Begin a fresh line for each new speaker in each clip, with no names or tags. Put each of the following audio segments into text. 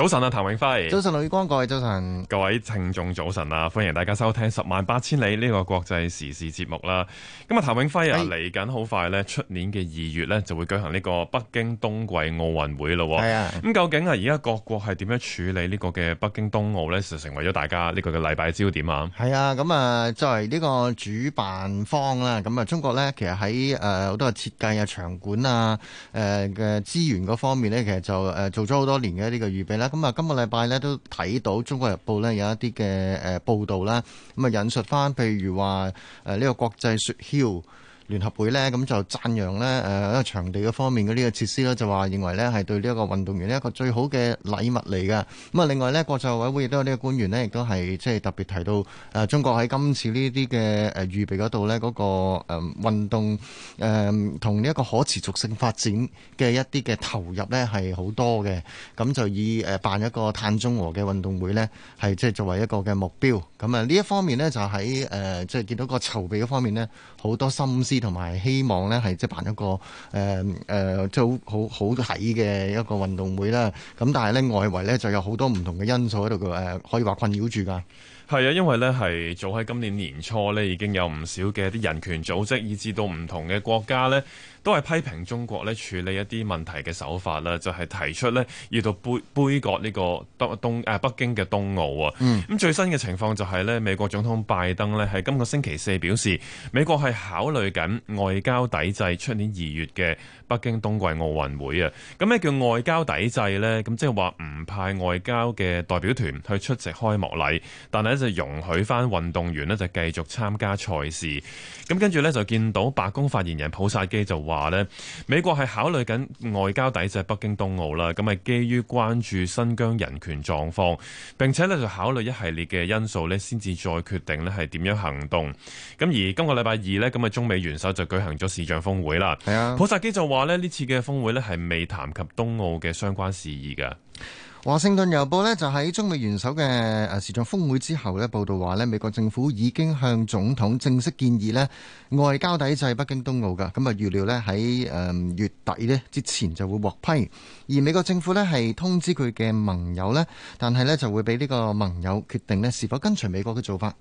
早晨啊，譚永輝。早晨，雷光，各位早晨。各位聽眾早晨啊，歡迎大家收聽《十萬八千里》呢個國際時事節目啦。咁啊，譚永輝啊，嚟緊好快咧，出年嘅二月咧就會舉行呢個北京冬季奧運會咯。係啊。咁究竟啊，而家各國係點樣處理呢個嘅北京冬奧咧，就成為咗大家呢個嘅禮拜焦點是啊。
係啊，咁啊，作為呢個主辦方啦，咁啊，中國咧其實喺誒好多設計啊、場館啊、誒嘅資源嗰方面咧，其實就誒做咗好多年嘅呢個預備啦。咁啊，今個禮拜咧都睇到《中國日報》咧有一啲嘅誒報導啦，咁啊引述返，譬如話誒呢個國際雪橇聯合會咧，咁就讚揚咧誒一個場地嘅方面嘅呢個設施咧，就話認為咧係對呢一個運動員一個最好嘅禮物嚟嘅。咁啊，另外咧國際奧委會亦都有呢個官員咧，亦都係即係特別提到誒中國喺今次呢啲嘅誒預備嗰度咧，嗰個誒運動誒同呢一個可持續性發展嘅一啲嘅投入咧係好多嘅。咁就以誒辦一個碳中和嘅運動會咧，係即係作為一個嘅目標。咁啊，呢一方面咧就喺誒即係見到個籌備方面咧，好多心思。同埋希望咧，係即係辦一個誒誒，即、呃、係、呃、好好好睇嘅一個運動會啦。咁但係咧外圍咧，就有好多唔同嘅因素喺度，誒、呃，可以話困擾住噶。
係啊，因為咧係早喺今年年初咧，已經有唔少嘅啲人權組織，以至到唔同嘅國家咧。都係批評中國咧處理一啲問題嘅手法啦，就係、是、提出咧要到杯杯葛呢個東東誒、啊、北京嘅冬奧啊。嗯，咁最新嘅情況就係咧，美國總統拜登咧喺今個星期四表示，美國係考慮緊外交抵制出年二月嘅北京冬季奧運會啊。咁咩叫外交抵制咧？咁即係話唔派外交嘅代表團去出席開幕禮，但係咧就容許翻運動員咧就繼續參加賽事。咁跟住咧就見到白宮發言人普薩基就。話美國係考慮緊外交抵制、就是、北京冬奧啦，咁係基於關注新疆人權狀況，並且咧就考慮一系列嘅因素咧，先至再決定咧係點樣行動。咁而今個禮拜二咧，咁啊中美元首就舉行咗視像峰會啦。係啊，普薩基就話咧呢次嘅峰會咧係未談及冬奧嘅相關事宜噶。
華盛頓郵報咧就喺中美元首嘅誒視像峰會之後咧報道話咧美國政府已經向總統正式建議咧外交抵制北京冬奧噶，咁啊預料咧喺誒月底咧之前就會獲批，而美國政府咧係通知佢嘅盟友咧，但係咧就會俾呢個盟友決定咧是否跟隨美國嘅做法。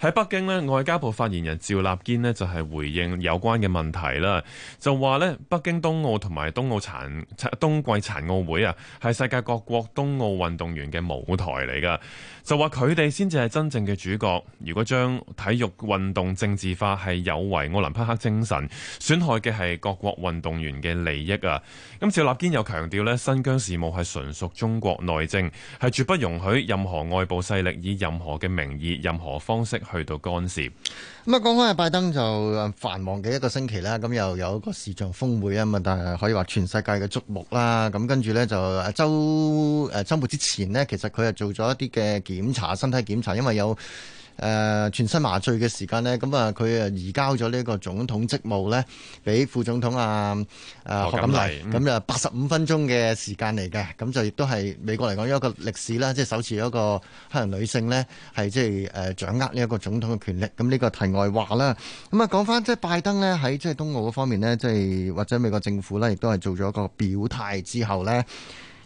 喺北
京呢，外交部發言人趙立堅呢，就係回應有關嘅問題啦，就話呢，北京冬奧同埋冬奧殘冬季殘奧會啊，係世界各國冬奧運動員嘅舞台嚟噶就話佢哋先至係真正嘅主角。如果將體育運動政治化，係有違奧林匹克精神，損害嘅係各國運動員嘅利益啊。咁趙立堅又強調呢，新疆事務係純屬中國內政，係絕不容許任何外部勢力以任何嘅名義、任何方式，去到干涉
咁啊！講開阿拜登就繁忙嘅一個星期啦，咁又有一個視像峰會啊嘛，但係可以話全世界嘅矚目啦。咁跟住咧就周誒周末之前呢，其實佢係做咗一啲嘅檢查，身體檢查，因為有。誒、呃、全身麻醉嘅時間呢，咁啊佢啊移交咗呢個總統職務呢，俾副總統啊誒賀、呃、錦麗，咁啊、嗯、八十五分鐘嘅時間嚟嘅，咁、嗯嗯、就亦都係美國嚟講一個歷史啦，即、就、係、是、首次一個黑人女性呢，係即係誒掌握呢一個總統嘅權力，咁呢個題外話啦。咁、嗯、啊講返即係拜登呢，喺即係冬奧嗰方面呢，即、就、係、是、或者美國政府呢，亦都係做咗一個表態之後呢。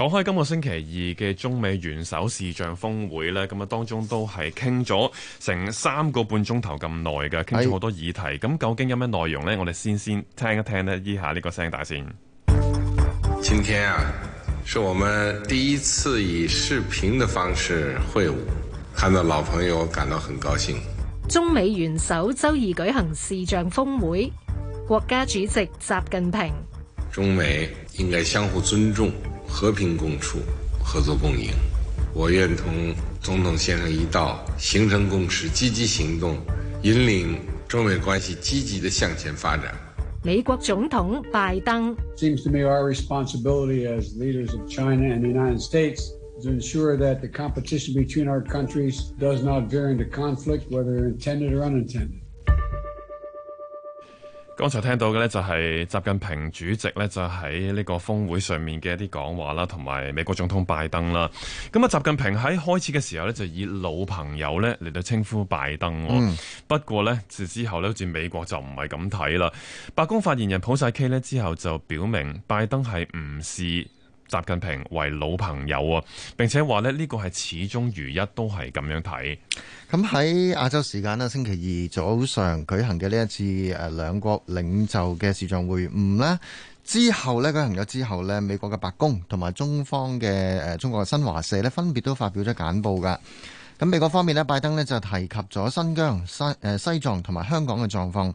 講開，今、這個星期二嘅中美元首視像峰會呢咁啊當中都係傾咗成三個半鐘頭咁耐嘅，傾咗好多議題。咁、哎、究竟有咩內容呢？我哋先先聽一聽呢以下呢個聲帶先。今天啊，是我們第一次以視頻的方式會晤，看到老朋友，我感到很高興。
中美元首周二舉行視像峰會，國家主席習近平。
中美應該相互尊重。和平共處，合作共贏。我願同總統先生一道，形成共識，積極行動，引領中美關係積極地向前
發展。美國總統拜登。Seems to me our responsibility as leaders of China and the United States to ensure that the competition between our countries does not veer into conflict, whether intended or unintended.
剛才聽到嘅呢，就係習近平主席呢，就喺呢個峰會上面嘅一啲講話啦，同埋美國總統拜登啦。咁啊，習近平喺開始嘅時候呢，就以老朋友呢嚟到稱呼拜登。嗯、不過呢，自之後呢，好似美國就唔係咁睇啦。白宮發言人普薩基呢，之後就表明拜登係唔視。習近平為老朋友啊！並且話呢呢個係始終如一，都係咁樣睇。
咁喺亞洲時間呢，星期二早上舉行嘅呢一次誒兩國領袖嘅視像會晤呢，之後呢，舉行咗之後呢，美國嘅白宮同埋中方嘅誒中國嘅新華社呢，分別都發表咗簡報噶。咁美國方面呢，拜登呢就提及咗新疆、西誒西藏同埋香港嘅狀況。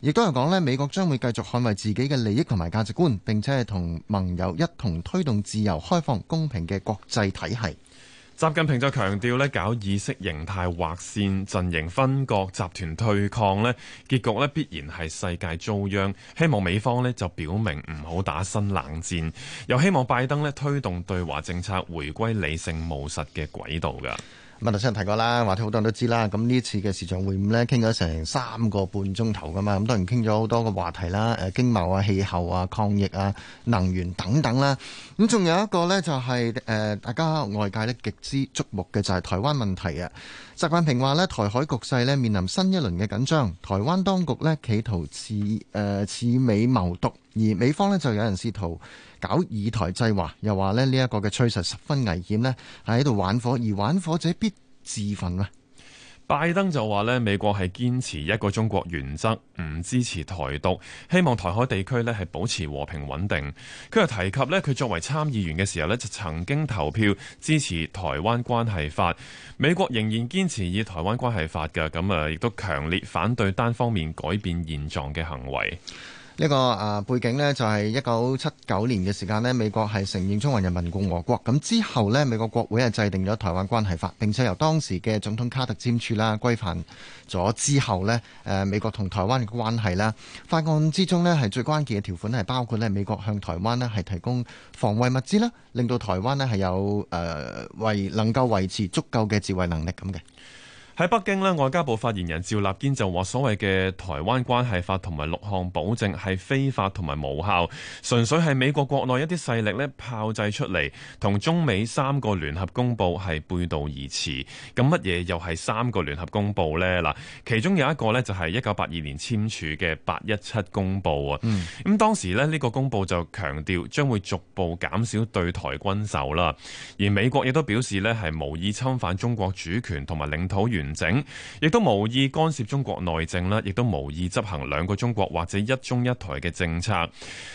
亦都係講咧，美國將會繼續捍衞自己嘅利益同埋價值觀，並且係同盟友一同推動自由、開放、公平嘅國際體系。
習近平就強調咧，搞意識形態劃線、陣營分割、集團對抗呢，結局必然係世界遭殃。希望美方呢就表明唔好打新冷戰，又希望拜登呢推動對華政策回歸理性務實嘅軌道噶。
咁頭先提過啦，話題好多人都知啦。咁呢次嘅視像會晤呢，傾咗成三個半鐘頭噶嘛。咁當然傾咗好多個話題啦，誒經貿啊、氣候啊、抗疫啊、能源等等啦。咁仲有一個呢，就係、是、誒、呃、大家外界都極之矚目嘅，就係、是、台灣問題啊。習近平話呢，台海局勢呢，面臨新一輪嘅緊張，台灣當局呢，企圖似誒、呃、似美謀獨，而美方呢，就有人試圖搞以台制華，又話呢一個嘅趨勢十分危險呢，喺度玩火，而玩火者必自焚啦。
拜登就話呢，美國係堅持一個中國原則，唔支持台獨，希望台海地區呢係保持和平穩定。佢又提及呢，佢作為參議員嘅時候呢，就曾經投票支持台灣關係法。美國仍然堅持以台灣關係法嘅，咁啊，亦都強烈反對單方面改變現狀嘅行
為。呢個誒背景呢，就係一九七九年嘅時間呢，美國係承認中華人民共和國。咁之後呢，美國國會係制定咗《台灣關係法》，並且由當時嘅總統卡特簽署啦，規範咗之後呢，誒美國同台灣嘅關係啦。法案之中呢，係最關鍵嘅條款係包括呢，美國向台灣呢係提供防衛物資啦，令到台灣呢係有誒維、呃、能夠維持足夠嘅自衛能力咁嘅。
喺北京呢，外交部發言人趙立堅就話，所謂嘅台灣關係法同埋六項保證係非法同埋無效，純粹係美國國內一啲勢力咧炮製出嚟，同中美三個聯合公報係背道而馳，咁乜嘢又係三個聯合公報咧？嗱，其中有一個咧就係一九八二年簽署嘅八一七公報啊。嗯、咁當時咧，呢個公報就強調將會逐步減少對台軍售啦，而美國亦都表示咧係無意侵犯中國主權同埋領土完整，亦都無意干涉中國內政啦，亦都無意執行兩個中國或者一中一台嘅政策。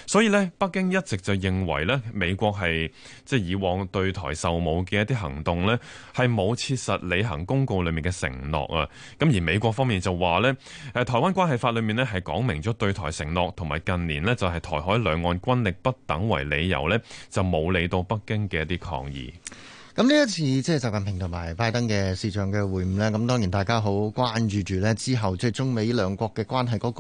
所以呢，北京一直就認為呢，美國係即係以往對台售武嘅一啲行動呢，係冇切實履行公告裏面嘅承諾啊。咁而美國方面就話呢，誒，台灣關係法裏面呢，係講明咗對台承諾，同埋近年呢，就係台海兩岸軍力不等為理由呢，就冇理到北京嘅一啲抗議。
咁呢一次即係習近平同埋拜登嘅視像嘅會晤咧，咁當然大家好關注住咧，之後即係，就是，中美兩國嘅關係嗰，那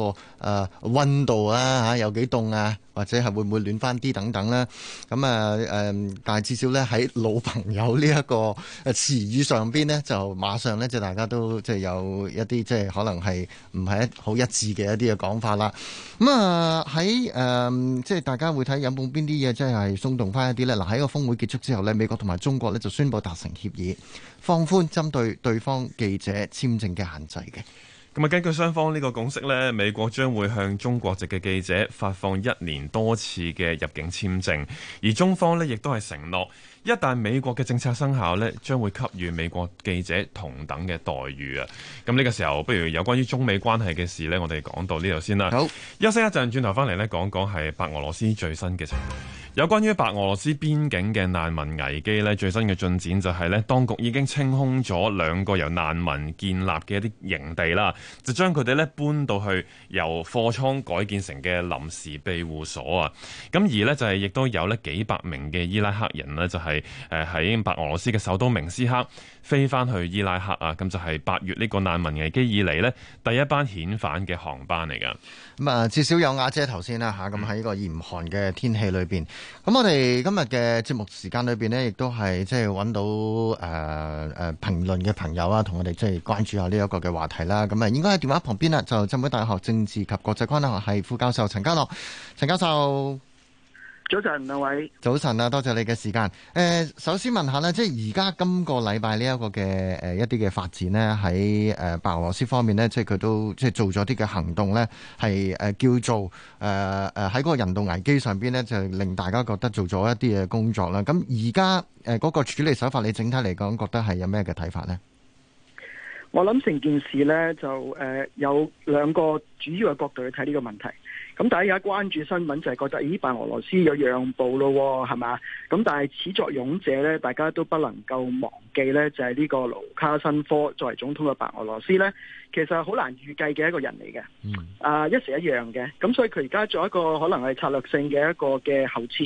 個溫，呃、度啊吓，啊、有幾凍啊，或者係會唔會暖翻啲等等啦，咁啊誒但係至少咧喺老朋友呢一個誒詞語上邊咧，就馬上咧即係大家都即係有一啲即係可能係唔係好一致嘅一啲嘅講法啦。咁啊喺誒即係大家會睇有冇邊啲嘢即係鬆動翻一啲咧？嗱喺個峰會結束之後咧，美國同埋中國咧。就宣布達成協議，放寬針對對方記者簽證嘅限制嘅。
咁啊，根據雙方呢個共識呢，美國將會向中國籍嘅記者發放一年多次嘅入境簽證，而中方呢亦都係承諾。一旦美國嘅政策生效咧，將會給予美國記者同等嘅待遇啊！咁呢個時候，不如有關於中美關係嘅事咧，我哋講到呢度先啦。好，休息一陣，轉頭翻嚟咧，講講係白俄羅斯最新嘅情況。有關於白俄羅斯邊境嘅難民危機咧，最新嘅進展就係咧，當局已經清空咗兩個由難民建立嘅一啲營地啦，就將佢哋咧搬到去由貨倉改建成嘅臨時庇護所啊！咁而咧就係亦都有咧幾百名嘅伊拉克人咧，就係、是。誒喺白俄羅斯嘅首都明斯克飛翻去伊拉克啊，咁就係八月呢個難民危機以嚟呢，第一班遣返嘅航班嚟噶。
咁啊，至少有瓦遮頭先啦吓，咁喺呢個嚴寒嘅天氣裏邊，咁我哋今日嘅節目時間裏邊呢，亦都係即係揾到誒誒、呃、評論嘅朋友啊，同我哋即係關注下呢一個嘅話題啦。咁啊，應該喺電話旁邊啦，就浸會大學政治及國際關係學系副教授陳家洛，陳教授。
早
晨，兩位。早晨啊，多謝你嘅時間。誒、呃，首先問下咧，即係而家今個禮拜呢一個嘅誒、呃、一啲嘅發展呢，喺誒白俄羅斯方面呢，即係佢都即係做咗啲嘅行動呢，係誒叫做誒誒喺個人道危機上邊呢，就令大家覺得做咗一啲嘅工作啦。咁而家誒嗰個處理手法，你整體嚟講，覺得係有咩嘅睇法呢？
我諗成件事呢，就誒、呃、有兩個主要嘅角度去睇呢個問題。咁大家而家關注新聞就係、是、覺得咦白俄羅斯有讓步咯，係嘛？咁但係始作俑者咧，大家都不能夠忘記咧，就係呢個盧卡申科作為總統嘅白俄羅斯咧，其實係好難預計嘅一個人嚟嘅。啊、嗯，一時一樣嘅，咁所以佢而家做一個可能係策略性嘅一個嘅後撤。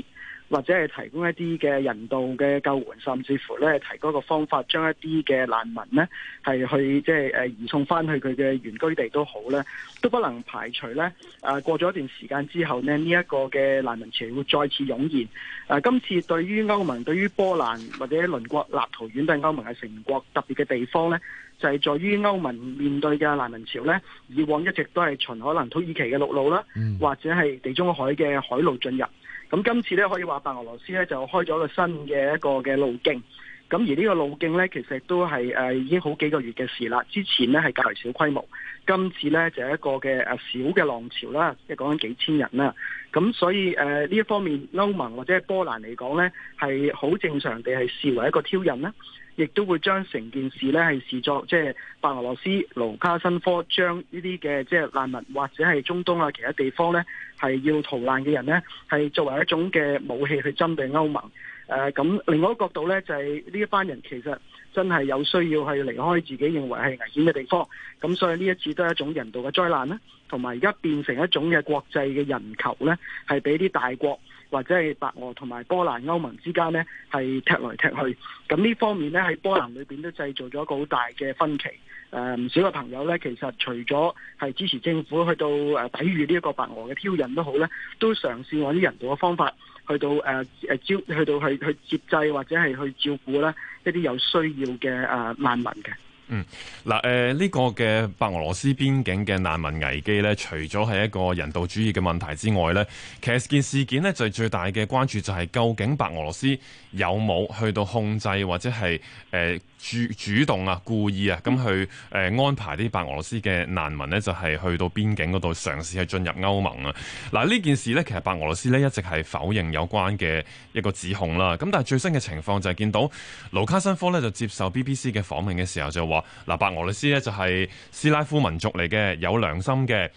或者係提供一啲嘅人道嘅救援，甚至乎咧提供一個方法，將一啲嘅難民呢，係去即係、就是呃、移送翻去佢嘅原居地都好咧，都不能排除呢。誒、呃、過咗一段時間之後呢，呢、這、一個嘅難民潮會再次湧現、呃。今次對於歐盟、對於波蘭或者鄰國、立陶宛等歐盟嘅成國特別嘅地方呢，就係、是、在於歐盟面對嘅難民潮呢，以往一直都係循可能土耳其嘅陸路啦，嗯、或者係地中海嘅海路進入。咁今次咧可以話，白俄羅斯咧就開咗個新嘅一個嘅路徑。咁而呢個路徑呢，其實都係、啊、已經好幾個月嘅事啦。之前呢係較為小規模，今次呢就係、是、一個嘅小嘅浪潮啦，即係講緊幾千人啦。咁所以誒呢、啊、一方面，歐盟或者波蘭嚟講呢，係好正常地係視為一個挑釁啦，亦都會將成件事呢係視作即係、就是、白俄羅斯盧卡申科將呢啲嘅即係難民或者係中東啊其他地方呢係要逃難嘅人呢，係作為一種嘅武器去針對歐盟。誒咁、呃，另外一個角度咧，就係、是、呢一班人其實真係有需要去離開自己認為係危險嘅地方，咁所以呢一次都係一種人道嘅災難啦，同埋而家變成一種嘅國際嘅人球咧，係俾啲大國。或者係白俄同埋波蘭歐盟之間呢係踢來踢去。咁呢方面呢，喺波蘭裏邊都製造咗一個好大嘅分歧。誒、呃、唔少嘅朋友呢，其實除咗係支持政府去到誒、呃、抵禦呢一個白俄嘅挑釁都好呢，都嘗試揾啲人道嘅方法去到誒誒、呃、招，去到去去接濟或者係去照顧呢一啲有需要嘅誒、呃、難民嘅。嗯，
嗱，呃，誒，呢個嘅白俄羅斯邊境嘅難民危機咧，除咗係一個人道主義嘅問題之外咧，其實件事件咧，最最大嘅關注就係究竟白俄羅斯有冇去到控制或者係誒。呃主主動啊，故意啊，咁去誒、呃、安排啲白俄羅斯嘅難民咧，就係、是、去到邊境嗰度嘗試去進入歐盟啊！嗱、啊，呢件事呢，其實白俄羅斯呢一直係否認有關嘅一個指控啦、啊。咁、啊、但係最新嘅情況就係見到盧卡申科呢就接受 BBC 嘅訪問嘅時候就話：嗱、啊，白俄羅斯呢就係、是、斯拉夫民族嚟嘅，有良心嘅。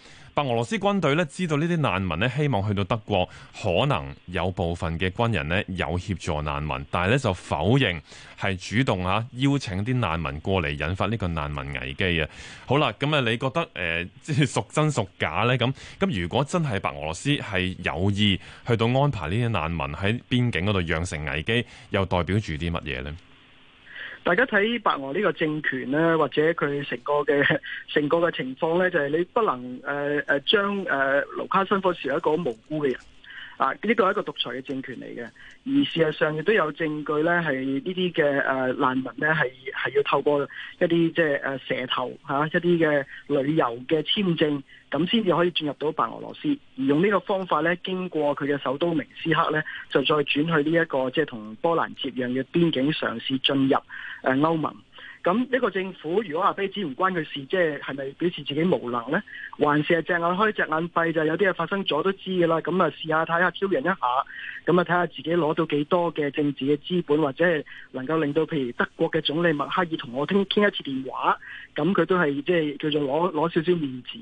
白俄羅斯軍隊咧知道呢啲難民咧希望去到德國，可能有部分嘅軍人咧有協助難民，但係咧就否認係主動嚇邀請啲難民過嚟，引發呢個難民危機啊！好啦，咁啊，你覺得誒即係屬真屬假呢？咁咁如果真係白俄羅斯係有意去到安排呢啲難民喺邊境嗰度釀成危機，又代表住啲乜嘢呢？
大家睇白俄呢個政權咧，或者佢成個嘅成個嘅情況咧，就係、是、你不能誒誒將誒盧卡申科視為一個無辜嘅人。啊！呢個係一個獨裁嘅政權嚟嘅，而事實上亦都有證據咧，係呢啲嘅誒難民咧，係係要透過一啲即係誒蛇頭吓、啊、一啲嘅旅遊嘅簽證，咁先至可以進入到白俄羅斯，而用呢個方法咧，經過佢嘅首都明斯克咧，就再轉去呢、這、一個即係同波蘭接壤嘅邊境，嘗試進入誒、呃、歐盟。咁呢個政府如果話彼此唔關佢事，即係係咪表示自己無能呢？還是係隻眼開隻眼閉？就有啲嘢發生咗都知㗎啦。咁啊，試下睇下挑釁一下。咁啊，睇下自己攞到幾多嘅政治嘅資本，或者係能夠令到譬如德國嘅總理默克爾同我傾傾一次電話，咁佢都係即係叫做攞攞少少面子。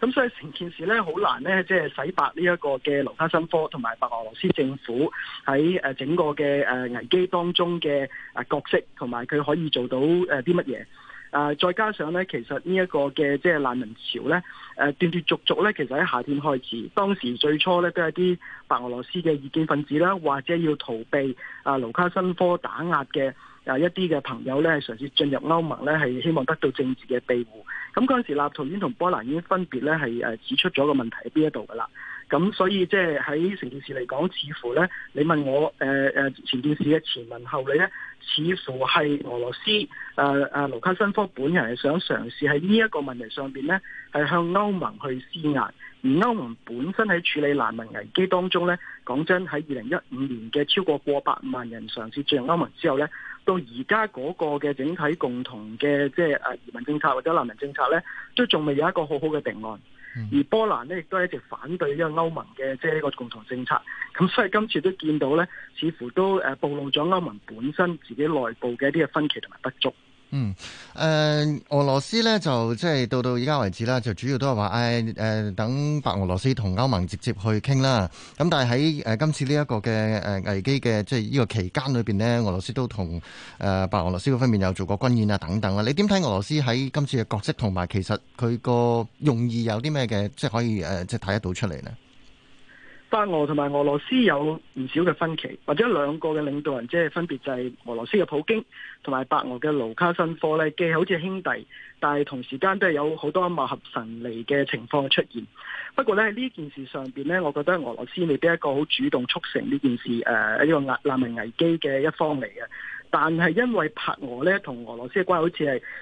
咁所以成件事咧好難咧，即係洗白呢一個嘅盧卡申科同埋白俄羅斯政府喺誒整個嘅誒危機當中嘅啊角色，同埋佢可以做到誒啲乜嘢？誒、呃，再加上咧，其實呢一個嘅即係難民潮咧，誒、呃、斷斷續續咧，其實喺夏天開始。當時最初咧，都係啲白俄羅斯嘅異見份子啦，或者要逃避啊、呃、盧卡申科打壓嘅、呃、一啲嘅朋友咧，係嘗試進入歐盟咧，係希望得到政治嘅庇護。咁嗰陣時，立陶宛同波蘭已經分別咧係指出咗個問題喺邊一度噶啦。咁所以即係喺成件事嚟講，似乎呢，你問我誒誒前件事嘅前文後理呢，似乎係俄羅斯誒誒盧卡申科本人係想嘗試喺呢一個問題上邊呢，係向歐盟去施壓。而歐盟本身喺處理難民危機當中呢，講真喺二零一五年嘅超過過百萬人嘗試進入歐盟之後呢，到而家嗰個嘅整體共同嘅即係誒移民政策或者難民政策呢，都仲未有一個好好嘅定案。嗯、而波蘭呢亦都一直反對呢個歐盟嘅即係共同政策，咁所以今次都見到呢，似乎都誒暴露咗歐盟本身自己內部嘅一啲嘅分歧同埋不足。嗯，誒、呃，
俄羅斯呢就即係到到而家為止啦，就主要都係話，誒、哎，誒、呃，等白俄羅斯同歐盟直接去傾啦。咁但係喺誒今次呢一個嘅誒危機嘅即係呢個期間裏邊呢，俄羅斯都同誒、呃、白俄羅斯嗰方面有做過軍演啊等等啦。你點睇俄羅斯喺今次嘅角色同埋其實佢個用意有啲咩嘅？即係可以誒、呃，即係睇、呃、得到出嚟
呢。白俄同埋俄羅斯有唔少嘅分歧，或者兩個嘅領導人即係分別就係俄羅斯嘅普京同埋白俄嘅盧卡申科咧，既好似兄弟，但係同時間都係有好多貌合神離嘅情況出現。不過咧喺呢件事上邊咧，我覺得俄羅斯未必一個好主動促成呢件事誒一、呃呢個難難民危機嘅一方嚟嘅。但係因為白俄咧同俄羅斯嘅關係好似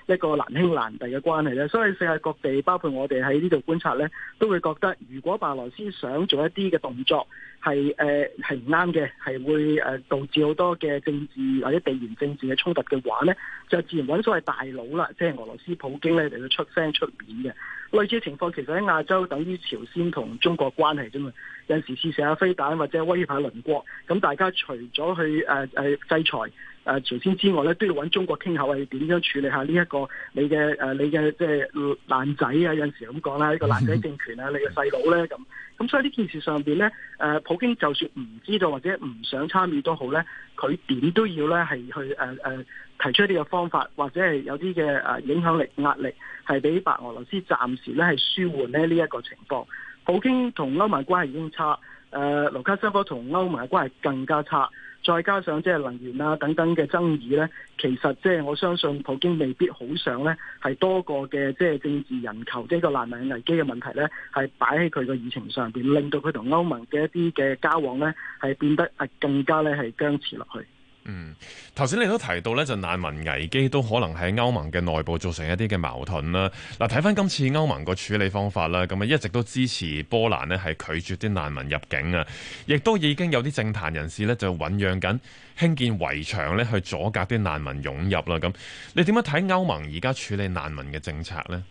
係一個難兄難弟嘅關係咧，所以世界各地包括我哋喺呢度觀察咧，都會覺得如果白俄羅斯想做一啲嘅動作係，係誒係唔啱嘅，係會誒導致好多嘅政治或者地緣政治嘅衝突嘅話咧，就自然揾所謂大佬啦，即、就、係、係、俄羅斯普京咧，嚟到出聲出面嘅。類似嘅情況其實喺亞洲，等於朝鮮同中國關係啫嘛，有時試試下飛彈或者威迫鄰國，咁大家除咗去誒誒、呃呃、制裁。誒朝鮮之外咧，都要揾中國傾下，係點樣處理一下呢一個你嘅誒、呃、你嘅即係爛仔啊！有陣時咁講啦，呢個爛仔政權啊，你嘅細佬咧咁咁，所以呢件事上面咧，誒、呃、普京就算唔知道或者唔想參與都好咧，佢點都要咧係去誒、呃呃、提出一啲嘅方法，或者係有啲嘅影響力壓力，係俾白俄羅斯暫時咧係舒緩咧呢一個情況。普京同歐盟關係已經差，誒、呃、盧卡申科同歐盟嘅關係更加差。再加上即係能源啊等等嘅爭議咧，其實即係我相信普京未必好想咧，係多個嘅即係政治人球，即係個難民危機嘅問題咧，係擺喺佢個議程上邊，令到佢同歐盟嘅一啲嘅交往咧係變得係更加咧係僵持落去。
嗯，頭先你都提到呢，就難民危機都可能喺歐盟嘅內部造成一啲嘅矛盾啦。嗱，睇翻今次歐盟個處理方法啦，咁啊一直都支持波蘭呢，係拒絕啲難民入境啊，亦都已經有啲政壇人士呢，就醞釀緊興建圍牆呢，去阻隔啲難民湧入啦。咁，你點樣睇歐盟而家處理難民嘅政策呢？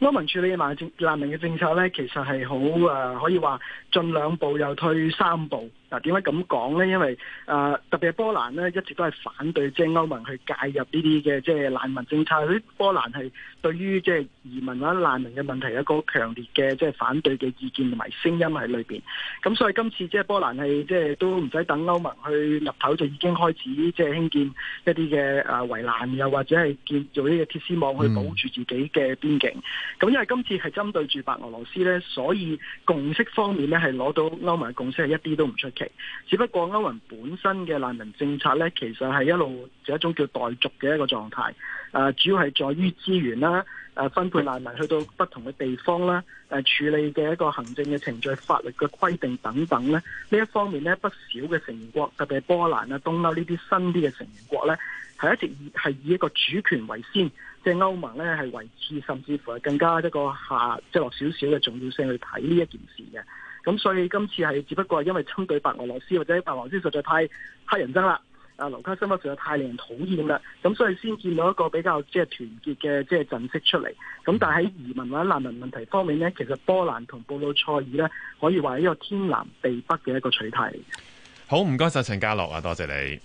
歐盟處理難民嘅政策呢，其實係好誒，可以話進兩步又退三步。嗱，點解咁講呢？因為啊、呃，特別係波蘭呢，一直都係反對，即係歐盟去介入呢啲嘅即係難民政策。啲波蘭係對於即係移民或者難民嘅問題有一個強烈嘅即係反對嘅意見同埋聲音喺裏面。咁所以今次即係波蘭係即係都唔使等歐盟去入頭，就已經開始即係興建一啲嘅啊圍欄，又或者係建做呢個鐵絲網去保住自己嘅邊境。咁、嗯、因為今次係針對住白俄羅斯呢，所以共識方面呢，係攞到歐盟嘅共識係一啲都唔出。只不過歐盟本身嘅難民政策呢，其實係一路就一種叫待續嘅一個狀態。誒、啊，主要係在於資源啦，誒、啊，分配難民去到不同嘅地方啦，誒、啊，處理嘅一個行政嘅程序、法律嘅規定等等咧。呢一方面呢，不少嘅成員國，特別係波蘭啦、東歐呢啲新啲嘅成員國呢，係一直以係以一個主權為先，即係歐盟呢係維持甚至乎係更加一個下即係落少少嘅重要性去睇呢一件事嘅。咁所以今次係只不過係因為針對白俄羅斯或者白俄羅斯實在太黑人憎啦，啊，盧卡申科實在太令人討厭啦，咁所以先見到一個比較即係團結嘅即係陣式出嚟。咁但係喺移民或者難民問題方面呢，其實波蘭同布魯塞爾呢，可以話係一個天南地北嘅一個取態。
好，唔該晒，陳家洛啊，多謝，謝你。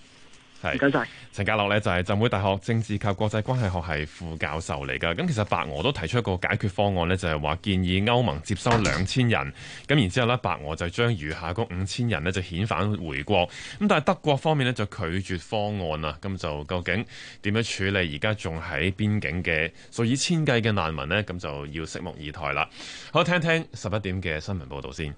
係，唔該晒，陳家洛咧就係浸會大學政治及國際關係學系副教授嚟㗎。咁其實白俄都提出一個解決方案呢就係話建議歐盟接收兩千人，咁 然之後呢，白俄就將餘下嗰五千人呢就遣返回國。咁但係德國方面呢，就拒絕方案啦。咁就究竟點樣處理而家仲喺邊境嘅數以千計嘅難民呢？咁就要拭目以待啦。好，聽一聽十一點嘅新聞報道先。